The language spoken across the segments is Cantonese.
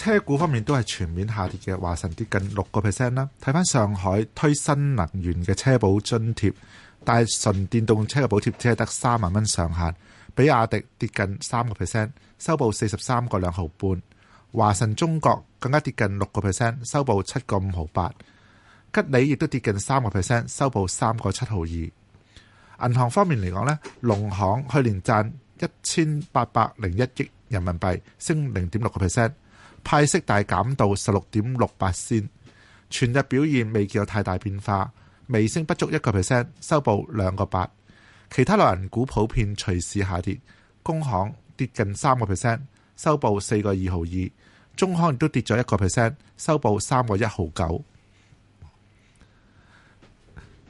車股方面都係全面下跌嘅，華晨跌近六個 percent 啦。睇翻上海推新能源嘅車保津貼，但係純電動車嘅補貼只係得三萬蚊上限，比亞迪跌近三個 percent，收報四十三個兩毫半。華晨中國更加跌近六個 percent，收報七個五毫八。吉利亦都跌近三個 percent，收報三個七毫二。銀行方面嚟講呢，農行去年賺一千八百零一億人民幣，升零點六個 percent。派息大減到十六點六八仙，全日表現未見有太大變化，微升不足一個 percent，收報兩個八。其他內銀股普遍隨市下跌，工行跌近三個 percent，收報四個二毫二；中行亦都跌咗一個 percent，收報三個一毫九。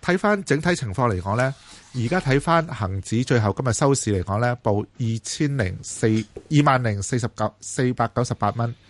睇翻整體情況嚟講呢，而家睇翻恒指最後今日收市嚟講呢，報二千零四二萬零四十九四百九十八蚊。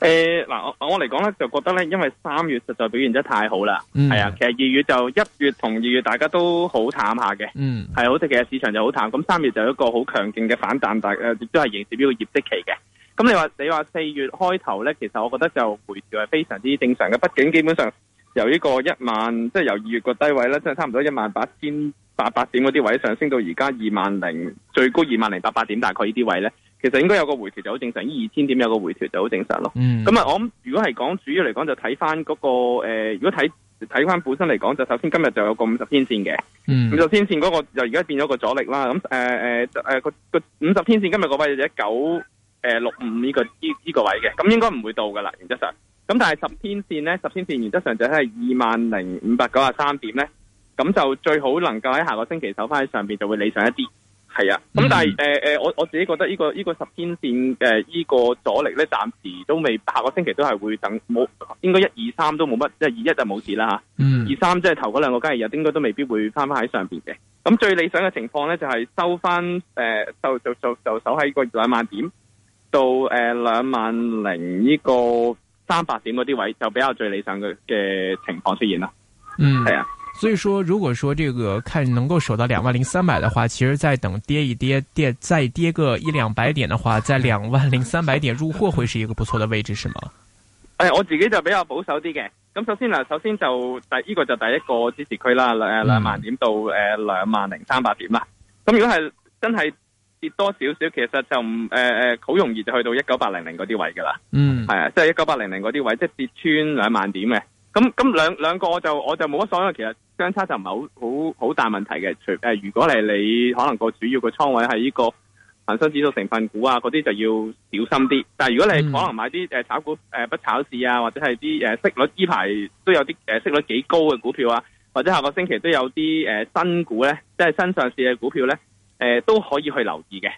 誒，嗱，我我嚟講咧，就覺得咧，因為三月實在表現得太好啦，係、嗯、啊，其實二月就一月同二月大家都好淡下嘅，係、嗯，好、啊、其實市場就好淡，咁三月就有一個好強勁嘅反彈，但誒亦都係迎接呢個業績期嘅。咁你話你話四月開頭咧，其實我覺得就回調係非常之正常嘅，畢竟基本上由呢個一萬，即、就、係、是、由二月個低位咧，即、就、係、是、差唔多一萬八千八百點嗰啲位上升到而家二萬零最高二萬零八百點，大概呢啲位咧。其實應該有個回調就好正常，呢二千點有個回調就好正常咯。咁、嗯、啊，那我諗如果係講主要嚟講、那個，就睇翻嗰個誒，如果睇睇翻本身嚟講，就首先今日就有個五十天綫嘅、嗯呃呃呃，五十天綫嗰個就而家變咗個阻力啦。咁誒誒誒個五十天綫今日個位就一九誒六五呢個呢、這個位嘅，咁應該唔會到噶啦，原則上。咁但係十天綫咧，十天綫原則上就係二萬零五百九啊三點咧，咁就最好能夠喺下個星期守翻喺上邊就會理想一啲。係啊，咁但係誒誒，我我自己覺得呢、呢個呢、呢個十天線誒呢、呃呢個阻力咧，暫時都未下個星期都係會等冇，應該一二三都冇乜、嗯，即係二一就冇事啦吓，二三即係頭嗰兩個交易日，應該都未必會翻翻喺上邊嘅。咁、嗯、最理想嘅情況咧，就係、係、收翻誒、呃、收收收收收喺個兩萬點到誒兩萬零呢個三百點嗰啲位，就比較最理想嘅嘅情況出現啦。嗯，係啊。所以說，如果說這個看能夠守到兩萬零三百的話，其實再等跌一跌跌再跌個一兩百點的話，在兩萬零三百點入貨會是一個不錯的位置，是嗎？誒、哎，我自己就比較保守啲嘅。咁首先嗱，首先就第依、這個就第一個支持區啦，誒兩萬點到誒兩萬零三百點啦。咁、嗯、如果係真係跌多少少，其實就唔誒誒好容易就去到一九八零零嗰啲位噶啦。嗯，係啊，即係一九八零零嗰啲位，即、就、係、是、跌穿兩萬點嘅。咁咁兩兩個我就我就冇乜所謂，因為其實相差就唔係好好好大問題嘅。除誒、呃，如果係你可能個主要個倉位係呢個恒生指數成分股啊，嗰啲就要小心啲。但係如果你可能買啲誒、呃、炒股誒、呃、不炒市啊，或者係啲誒息率，呢排都有啲誒息率幾高嘅股票啊，或者下個星期都有啲誒、呃、新股咧，即係新上市嘅股票咧，誒、呃、都可以去留意嘅，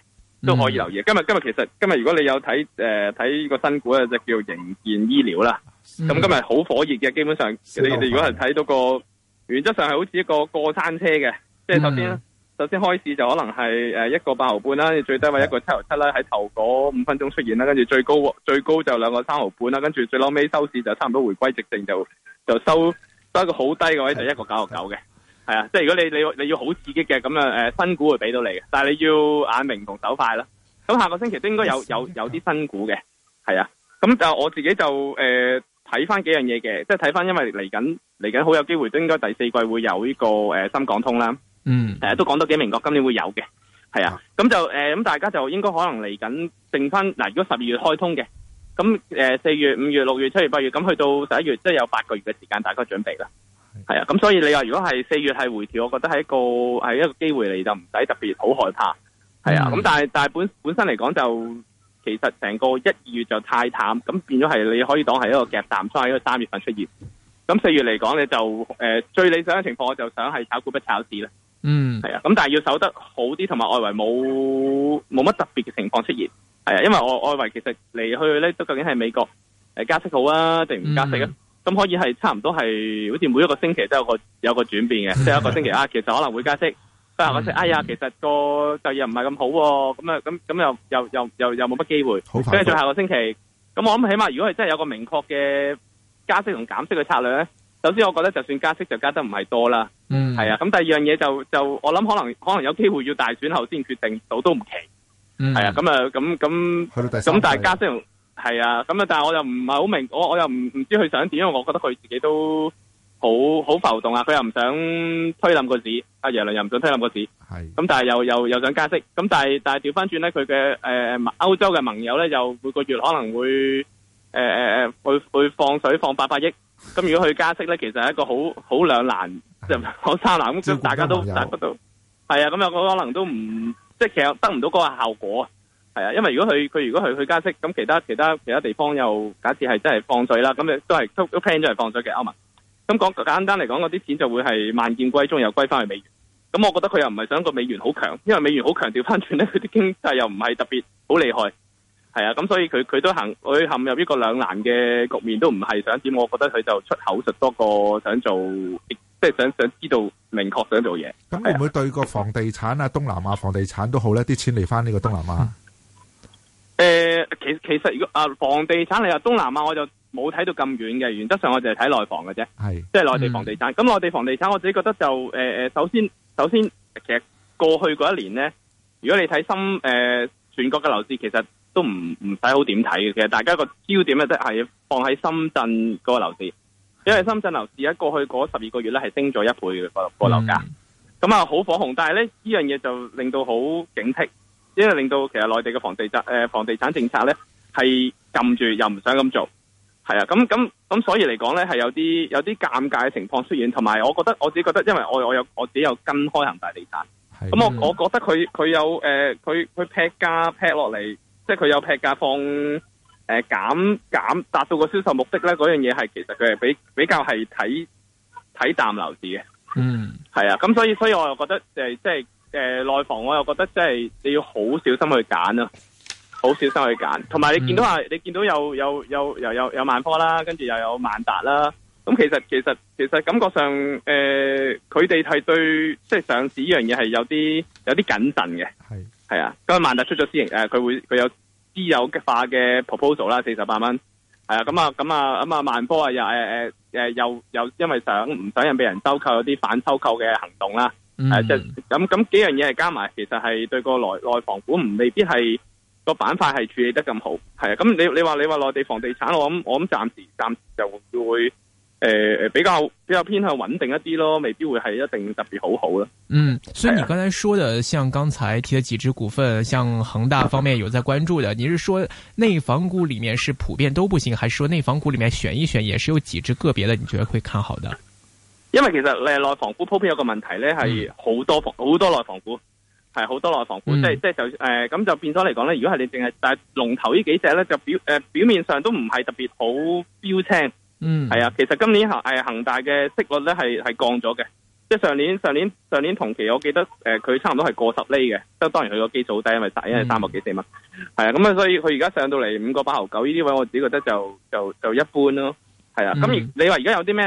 都可以留意。今日今日其實今日如果你有睇誒睇呢個新股咧，就叫做營建醫療啦。咁、嗯、今日好火熱嘅，基本上你哋、嗯、如果係睇到個原則上係好似一個過山車嘅，即係首先，首、嗯、先開始就可能係誒一個八毫半啦，最低位一個七毫七啦，喺頭嗰五分鐘出現啦，跟住最高最高就兩個三毫半啦，跟住最攞尾收市就差唔多回歸直正就就收收一個好低嘅位就一個九毫九嘅，係啊，即係如果你你你要好刺激嘅咁啊，誒、呃、新股會俾到你嘅，但係你要眼明同手快啦。咁下個星期都應該有有有啲新股嘅，係啊，咁就我自己就誒。呃睇翻幾樣嘢嘅，即係睇翻，因為嚟緊嚟緊好有機會，都應該第四季會有呢個誒、呃、深港通啦。嗯、mm. 呃，誒都講得幾明確，今年會有嘅。係啊，咁、mm. 就誒咁、呃、大家就應該可能嚟緊剩翻嗱、呃，如果十二月開通嘅，咁誒四月、五月、六月、七月、八月，咁去到十一月，即係有八個月嘅時間，大家準備啦。係、mm. 啊，咁所以你話如果係四月係回調，我覺得係一個係一個機會嚟，就唔使特別好害怕。係啊，咁、mm. 但係但係本本身嚟講就。其實成個一、二月就太淡，咁變咗係你可以當係一個夾淡，所以喺一個三月份出現。咁四月嚟講，你就誒、呃、最理想嘅情況，我就是想係炒股不炒市啦。嗯，係啊。咁但係要守得好啲，同埋外圍冇冇乜特別嘅情況出現。係啊，因為我外外圍其實嚟去咧都究竟係美國誒加息好啊，定唔加息啊？咁、嗯、可以係差唔多係，好似每一個星期都有個有個轉變嘅，即、就、係、是、一個星期啊，其實可能會加息。即係我先，哎呀，其實個就業唔係咁好，咁啊，咁咁又又又又冇乜機會。好快，跟住最後個星期。咁我諗起碼如果係真係有個明確嘅加息同減息嘅策略咧，首先我覺得就算加息就加得唔係多啦。嗯。係啊，咁第二樣嘢就就我諗可能可能有機會要大選後先決定到都唔奇。嗯。係啊，咁啊，咁咁咁但係加息，係啊，咁啊，但係我又唔係好明，我我又唔唔知佢想點，因為我覺得佢自己都。好好浮動啊！佢又唔想推冧個市，阿、啊、耶倫又唔想推冧個市，係咁，但係又又又想加息。咁但係但係調翻轉咧，佢嘅誒歐洲嘅盟友咧，又每個月可能會誒誒誒，會會放水放八百億。咁如果佢加息咧，其實係一個好好兩難，即係好三難咁，大家都大家都係啊。咁有個可能都唔即係其實得唔到嗰個效果係啊。因為如果佢佢如果佢佢加息咁，其他其他其他地方又假設係真係放水啦，咁你都係都 plan 咗嚟放水嘅歐盟。咁講簡單嚟講，嗰啲錢就會係萬劍歸宗，又歸翻去美元。咁我覺得佢又唔係想個美元好強，因為美元好強，調翻轉咧，佢啲經濟又唔係特別好厲害，係啊。咁所以佢佢都行，佢陷入呢個兩難嘅局面，都唔係想點。我覺得佢就出口術多過，想做，即係想想知道明確想做嘢。咁會唔會對個房地產啊， 東南亞房地產都好咧，啲錢嚟翻呢個東南亞。誒、 呃，其實其實如果啊，房地產嚟啊，東南亞我就。冇睇到咁遠嘅，原則上我就係睇內房嘅啫，係即係內地房地產。咁、嗯、內地房地產，我自己覺得就誒誒、呃，首先首先其實過去嗰一年呢，如果你睇深誒、呃、全國嘅樓市，其實都唔唔使好點睇嘅。其實大家個焦點咧，係放喺深圳嗰個樓市，因為深圳樓市喺過去嗰十二個月咧係升咗一倍嘅，嗰個樓價，咁啊好火紅。但係咧呢樣嘢就令到好警惕，因為令到其實內地嘅房地產誒房地產政策咧係撳住，又唔想咁做。係啊，咁咁咁，所以嚟講咧，係有啲有啲尷尬嘅情況出現，同埋我覺得，我自己覺得，因為我我有我自己有跟開恒大地產，咁、啊、我我覺得佢佢有誒，佢佢劈價劈落嚟，即係佢有劈價放誒、呃、減減，達到個銷售目的咧，嗰樣嘢係其實佢係比比較係睇睇淡樓市嘅，嗯，係啊，咁所以所以我又覺得誒、呃、即係誒、呃、內房我又覺得即係你要好小心去揀啊。好小心去揀，同埋你見到話，你見到有、嗯、有有，有，有，有有又有有萬科啦，跟住又有萬達啦。咁其實其實其實感覺上，誒佢哋係對即係上市呢樣嘢係有啲有啲謹慎嘅。係係啊，咁萬達出咗私營佢、呃、會佢有私有化嘅 proposal 啦，四十八蚊係啊。咁啊咁啊咁啊，萬科啊，啊，啊啊又啊啊啊又又因為想唔想人俾人收購，有啲反收購嘅行動啦。咁、嗯、咁、啊即係、幾樣嘢加埋，其實係對個內內房股唔未必係。個板塊係處理得咁好，係啊，咁你你話你話內地房地產，我諗我諗暫時暫時就會誒、呃、比較比較偏向穩定一啲咯，未必會係一定特別好好咯。嗯，所以你剛才說的，的像剛才提的幾支股份，像恒大方面有在關注的，你是說內房股裏面是普遍都不行，還是說內房股裏面選一選也是有幾隻個別的你覺得會看好的？因為其實咧內房股普遍有個問題咧，係好多房好多內房股。係好多內房股，即係即係就誒，咁、呃、就變咗嚟講咧。如果係你淨係但係龍頭呢幾隻咧，就表誒、呃、表面上都唔係特別好標青。嗯，係啊，其實今年恒誒恒大嘅息率咧係係降咗嘅，即係上年上年上年同期我記得誒佢、呃、差唔多係過十厘嘅，即當然佢個基數低，因為大因為三百幾四蚊，係啊，咁、嗯、啊，所以佢而家上到嚟五個八毫九呢啲位，我自己覺得就就就一般咯。係啊，咁你話而家有啲咩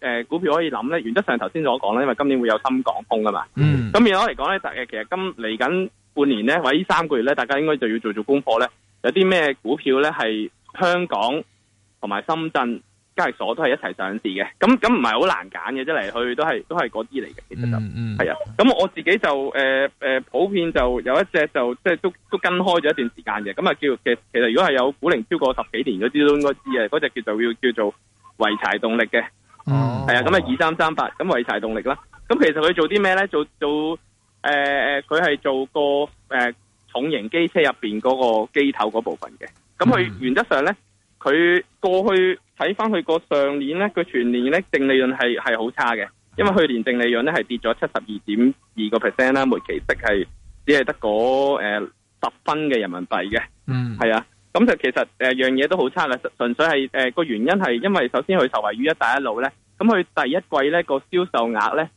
誒股票可以諗呢？原則上頭先所講啦，因為今年會有深港通噶嘛。嗯，咁而我嚟講呢誒其實今嚟緊半年呢，或者呢三個月呢，大家應該就要做做功課呢，有啲咩股票呢？係香港同埋深圳交易所都係一齊上市嘅，咁咁唔係好難揀嘅，即嚟去都係都係嗰啲嚟嘅，其實就係啊。咁、mm -hmm. 我自己就誒、呃、普遍就有一隻就即係都都跟開咗一段時間嘅。咁啊，叫其實其實如果係有股齡超過十幾年嗰啲都應該知啊。嗰隻叫做叫，叫做濰柴動力嘅，係、mm、啊 -hmm.。咁啊，二三三八，咁濰柴動力啦。咁其實佢做啲咩咧？做做誒誒，佢、呃、係做個誒、呃、重型機車入邊嗰個機頭嗰部分嘅。咁佢原則上咧。Mm -hmm. 佢過去睇翻佢個上年咧，佢全年咧淨利潤係係好差嘅，因為去年淨利潤咧係跌咗七十二點二個 percent 啦，末期息係只係得嗰十、呃、分嘅人民幣嘅。嗯，係啊，咁就其實誒、呃、樣嘢都好差嘅，純粹係誒個原因係因為首先佢受惠於一帶一路咧，咁佢第一季咧個銷售額咧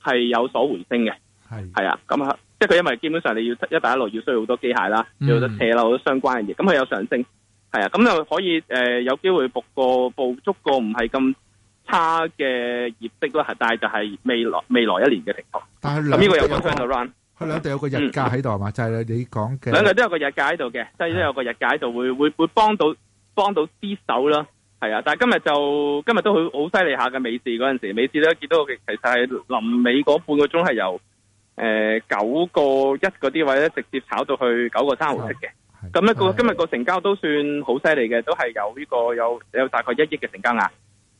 係有所回升嘅。係係啊，咁啊，即係佢因為基本上你要一帶一路要需要好多機械啦，要好多斜路，好多相關嘅嘢，咁佢有上升。係啊，咁就可以誒、呃，有機會捕捉過捕捉個唔係咁差嘅業績啦，係，但係就係未來未來一年嘅情況。但係呢、嗯、個有個 turnaround，佢兩度有個日價喺度係嘛，就係、是、你講嘅。兩度都有個日價喺度嘅，即係都有個日價喺度，會會會幫到幫到啲手啦。係啊，但係今日就今日都好好犀利下嘅美市嗰陣時，美市咧見到其實係臨尾嗰半個鐘係由誒九個一嗰啲位咧直接炒到去九個三毫式。嘅咁、那個、今日個成交都算好犀利嘅，都係有呢個有有大概一億嘅成交額。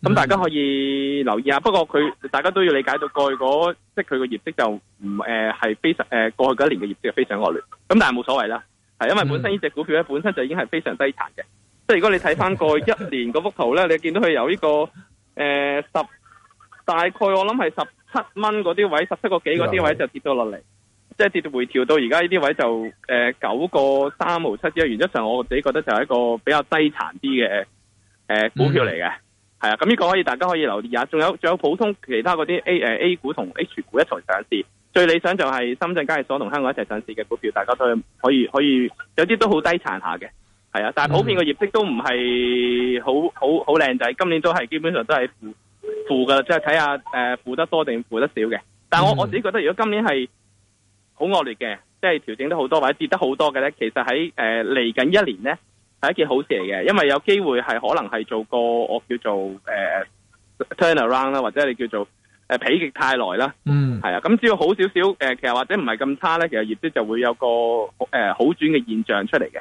咁大家可以留意一下，不過佢大家都要理解到過去嗰即係佢個業績就唔誒係非常誒、呃、過去嗰一年嘅業績係非常惡劣。咁但係冇所謂啦，係因為本身呢隻股票咧本身就已經係非常低殘嘅。即係如果你睇翻過去一年嗰幅圖咧， 你見到佢有呢、這個誒、呃、十大概我諗係十七蚊嗰啲位，十七個幾嗰啲位就跌咗落嚟。即係跌到回調到而家呢啲位就誒，九個三毫七。之後原則上我自己覺得就係一個比較低殘啲嘅誒股票嚟嘅，係、mm -hmm. 啊。咁呢個可以大家可以留意下。仲有仲有普通其他嗰啲 A、呃、A 股同 H 股一齊上市，最理想就係深圳交易所同香港一齊上市嘅股票，大家都可以可以，可以有啲都好低殘下嘅，係啊。但係普遍嘅業績都唔係好好好靚仔，今年都係基本上都係負負嘅，即係睇下誒、呃、負得多定負得少嘅。但我我自己覺得，如果今年係好惡劣嘅，即係調整得好多或者跌得好多嘅咧，其實喺誒嚟緊一年咧係一件好事嚟嘅，因為有機會係可能係做個我叫做誒、呃、turnaround 啦，或者你叫做誒否極泰來啦，嗯，係啊，咁只要好少少誒，其實或者唔係咁差咧，其實業績就會有個誒、呃、好轉嘅現象出嚟嘅。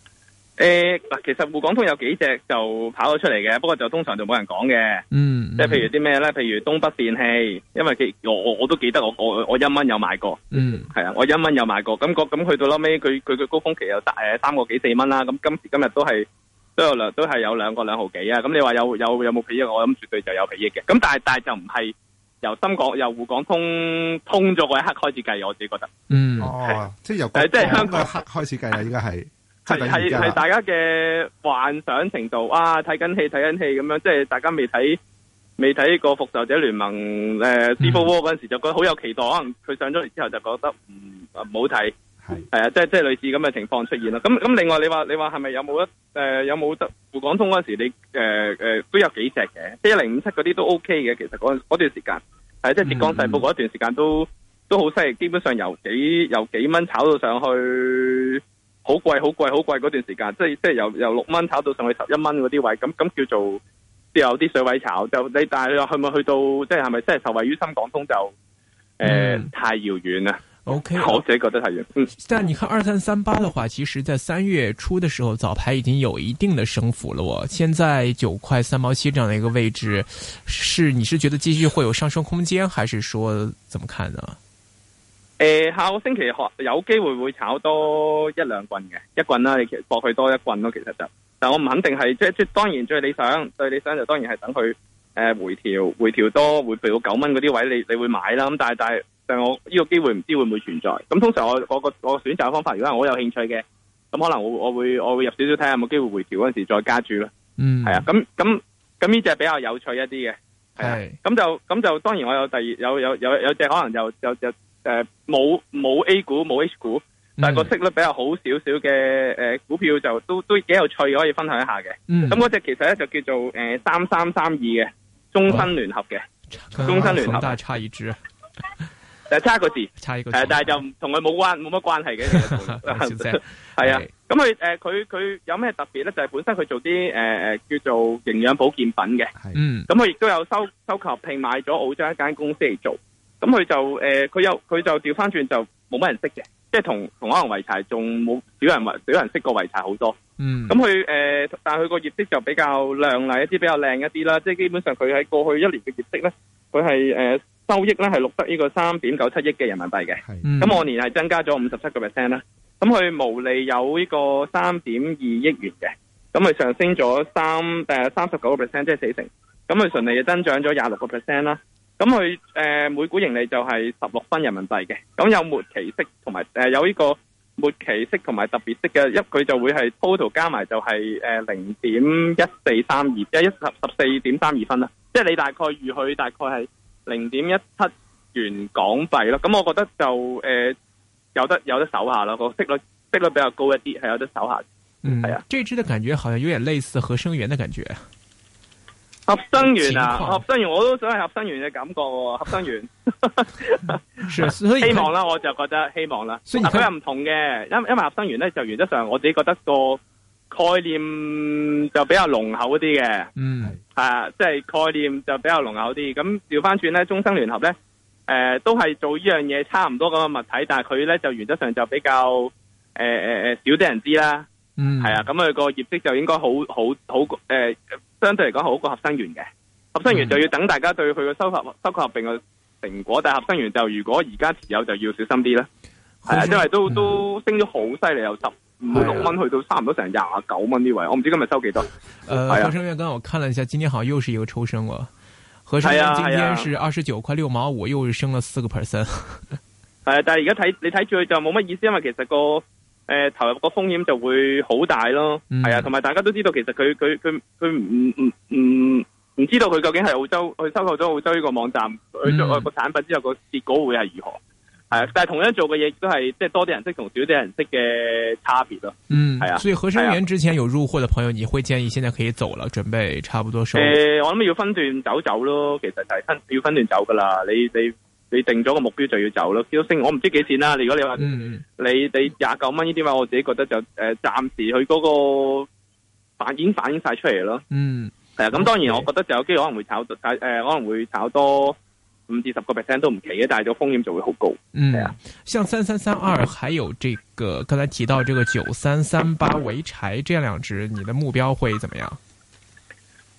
誒，嗱，其實滬港通有幾隻就跑咗出嚟嘅，不過就通常就冇人講嘅。嗯，即、嗯、係譬如啲咩咧？譬如東北電器，因為我我我都記得我我我一蚊有買過。嗯，係啊，我一蚊有買過。咁咁去到後屘，佢佢嘅高峰期又得誒三個幾四蚊啦。咁今時今日都係都有兩都係有兩個兩毫幾啊。咁你話有有有冇俾益？我諗絕對就有俾益嘅。咁但係但係就唔係由深港由滬港通通咗嗰一刻開始計。我自己覺得。嗯。是哦，即係由即係香港一刻開始計啦，依家係。係係大家嘅幻想程度，啊睇緊戲睇緊戲咁樣，即係大家未睇未睇過《復仇者聯盟》誒、呃 Civil War 嗰陣時，就覺得好有期待。可能佢上咗嚟之後，就覺得唔啊唔好睇。係係啊，即係即係類似咁嘅情況出現咯，咁咁，另外你話你話係咪有冇得誒有冇滬港通嗰陣時，你誒誒、呃呃呃、都有幾隻嘅，即係一零五七嗰啲都 OK 嘅。其實嗰段時間係即係浙江世博嗰段時間都、嗯、都好犀利，基本上由幾由幾蚊炒到上去。好貴好貴好貴嗰段時間，即係即係由由六蚊炒到上去十一蚊嗰啲位，咁咁叫做都有啲水位炒，就你但係去咪去到，即係係咪真係受惠於深港通就誒、是嗯呃、太遙遠啦。OK，我自己覺得太遠。嗯，但係你看二三三八的話，其實在三月初的時候早排已經有一定的升幅了。我現在九塊三毛七這樣一個位置，是你是覺得繼續會有上升空間，還是說怎麼看呢？誒，下個星期學有機會會炒多一兩棍嘅，一棍啦，你其實搏佢多一棍咯，其實就，但我唔肯定係，即即當然最理想最理想就當然係等佢誒回調回調多回調到九蚊嗰啲位你，你你會買啦，咁但係但係但係我呢個機會唔知會唔會存在，咁通常我我個我選擇嘅方法，如果係我有興趣嘅，咁可能我我會我會入少少睇下有冇機會回調嗰時再加注啦，嗯，係啊，咁咁咁呢隻比較有趣一啲嘅，係咁就咁就當然我有第二有有有有隻可能誒、呃，冇冇 A 股冇 H 股，但係個息率比較好少少嘅，誒股票就都都幾有趣，可以分享一下嘅。咁嗰隻其實咧就叫做誒三三三二嘅，中新聯合嘅，哦，中新聯合，但係差異主啊？就差一個字，差一個、啊，但係就唔同佢冇關冇乜關係嘅，係 小姐 啊。咁佢誒佢佢有咩特別咧？就係、是、本身佢做啲誒誒叫做營養保健品嘅，嗯。咁佢亦都有收收購併買咗澳洲一間公司嚟做。咁佢就誒，佢、呃、有佢就調翻轉就冇乜人識嘅，即係同同能維柴仲冇少人少人識過維柴好多。嗯，咁佢誒，但係佢個業績就比較靚麗一啲，比較靚一啲啦。即係基本上佢喺過去一年嘅業績咧，佢係誒收益咧係錄得呢個三點九七億嘅人民幣嘅。咁往年係增加咗五十七個 percent 啦。咁佢毛利有呢個三點二億元嘅，咁佢上升咗三誒三十九個 percent，即係四成。咁佢純利就增長咗廿六個 percent 啦。咁佢誒每股盈利就係十六分人民幣嘅，咁有末期息同埋誒有呢、呃、個末期息同埋特別息嘅一，佢就會係 total 加埋就係誒零點一四三二，即係一十十四點三二分啦。即係你大概預佢大概係零點一七元港幣咯。咁我覺得就誒、呃、有得有得手下啦，個息率息率比較高一啲，係有得手下。嗯，係啊，這支嘅感覺好像有點類似合生元嘅感覺。合生元啊，合生元我都想係合生元嘅感覺喎、哦，合生元， 希望啦，我就覺得希望啦。雖然佢係唔同嘅，因因為合生元咧就原則上我自己覺得個概念就比較濃厚啲嘅，嗯係啊，即、就、係、是、概念就比較濃厚啲。咁調返轉咧，中生聯合咧，誒、呃、都係做呢樣嘢，差唔多咁嘅物體，但係佢咧就原則上就比較誒誒誒少啲人知啦，嗯係啊，咁佢個業績就應該好好好誒。呃相對嚟講好過合生元嘅，合生元就要等大家對佢個收合收購合併嘅成果，嗯、但係合生元就如果而家持有就要小心啲啦。係啊，因為都、嗯、都升咗好犀利，由十五六蚊去到差唔多成廿九蚊呢位，我唔知今日收幾多。係、呃啊、合生元，剛才我看了一下，今天好像又是一個抽升啊。合生元今天是二十九塊六毛五，又是升了四個 percent。係啊，啊 但係而家睇你睇住佢就冇乜意思，因為其實個。誒、呃，投入個風險就會好大咯，係、嗯、啊，同埋大家都知道，其實佢佢佢佢唔唔唔唔知道佢究竟係澳洲去收購咗澳洲呢個網站，佢、嗯、做個產品之後個結果會係如何？係啊，但係同樣做嘅嘢亦都係即係多啲人識同少啲人識嘅差別咯。嗯，係啊。所以合生元之前有入貨嘅朋友、啊，你會建議現在可以走啦，準備差唔多收？誒、呃，我諗要分段走走咯，其實就係分要分段走噶啦。你你。你定咗個目標就要走咯，飆升我唔知幾錢啦。如果你話你你廿九蚊呢啲話，我自己覺得就誒暫時佢嗰個反已經反映晒出嚟咯。嗯，係啊。咁當然我覺得就有機會可能會炒到，誒可能會炒多五至十個 percent 都唔奇嘅，但係個風險就會好高。嗯，像三三三二還有這個剛才提到這個九三三八濰柴這兩隻，你的目標會怎麼樣？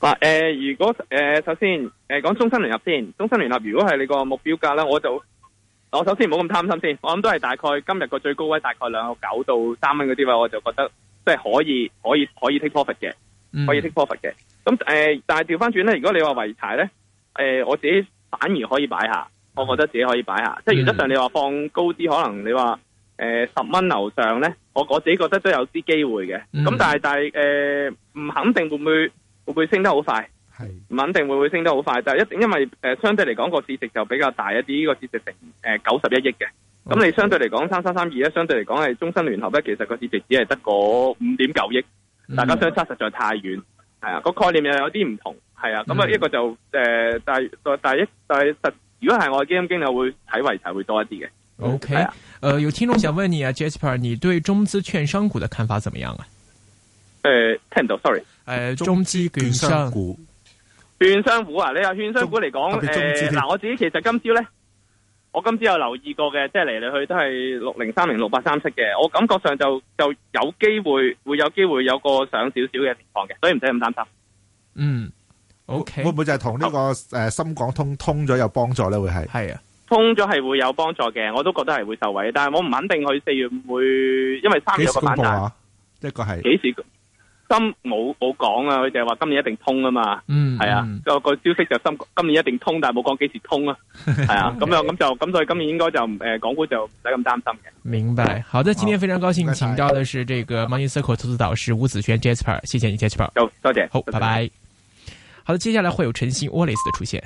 嗱、啊，誒、呃，如果誒、呃，首先誒、呃，講中心聯合先。中心聯合如果係你個目標價咧，我就我首先唔好咁貪心先。我諗都係大概今日個最高位，大概兩個九到三蚊嗰啲位，我就覺得即係、就是、可以，可以，可以 take profit 嘅，可以 take profit 嘅。咁、嗯、誒、呃，但係調翻轉咧，如果你話圍柴咧，誒、呃，我自己反而可以擺下。我覺得自己可以擺下，嗯、即係原則上你話放高啲，可能你話誒十蚊樓上咧，我我自己覺得都有啲機會嘅。咁、嗯、但係但係誒，唔、呃、肯定會唔會？會唔會升得好快？係，唔肯定會唔會升得好快，但係一定，因為誒、呃、相對嚟講個市值就比較大一啲，呢個市值成誒九十一億嘅。咁、okay。你相對嚟講三三三二咧，3 -3 -3 相對嚟講係中新聯合咧，其實個市值只係得嗰五點九億，嗯，大家相差實在太遠。係啊，個概念又有啲唔同。係啊，咁啊呢個就誒但係但係但係實，如果係我嘅基金經理我會睇位就會多一啲嘅。OK，誒、啊呃，有聽眾想問你啊，Jasper，你對中資券商股嘅看法怎麼樣啊？誒、呃，聽唔到，sorry。誒、呃，中資券商股，券商股啊，你話券商股嚟講，嗱、呃，我自己其實今朝咧，我今朝有留意過嘅，即係嚟嚟去都係六零三零六八三七嘅，我感覺上就就有機會會有機會有個上少少嘅情況嘅，所以唔使咁擔心。嗯，OK，會唔會就係同呢個誒、呃、深港通通咗有幫助咧？會，係係啊，通咗係會有幫助嘅，我都覺得係會受惠，但係我唔肯定佢四月會，因為三月有個反彈，一個係幾時？冇冇講啊，佢就係話今年一定通啊嘛，嗯，係啊，個個消息就今今年一定通，但係冇講幾時通啊，係啊，咁 就咁就咁所以今年應該就誒港股就唔使咁擔心嘅。明白，好的，今天非常高興請到的是這個 Money Circle 投資導師吳子軒 Jasper，謝謝你 Jasper，就多謝，好，謝拜拜。好的，接下來會有陳新 Wallace 的出現。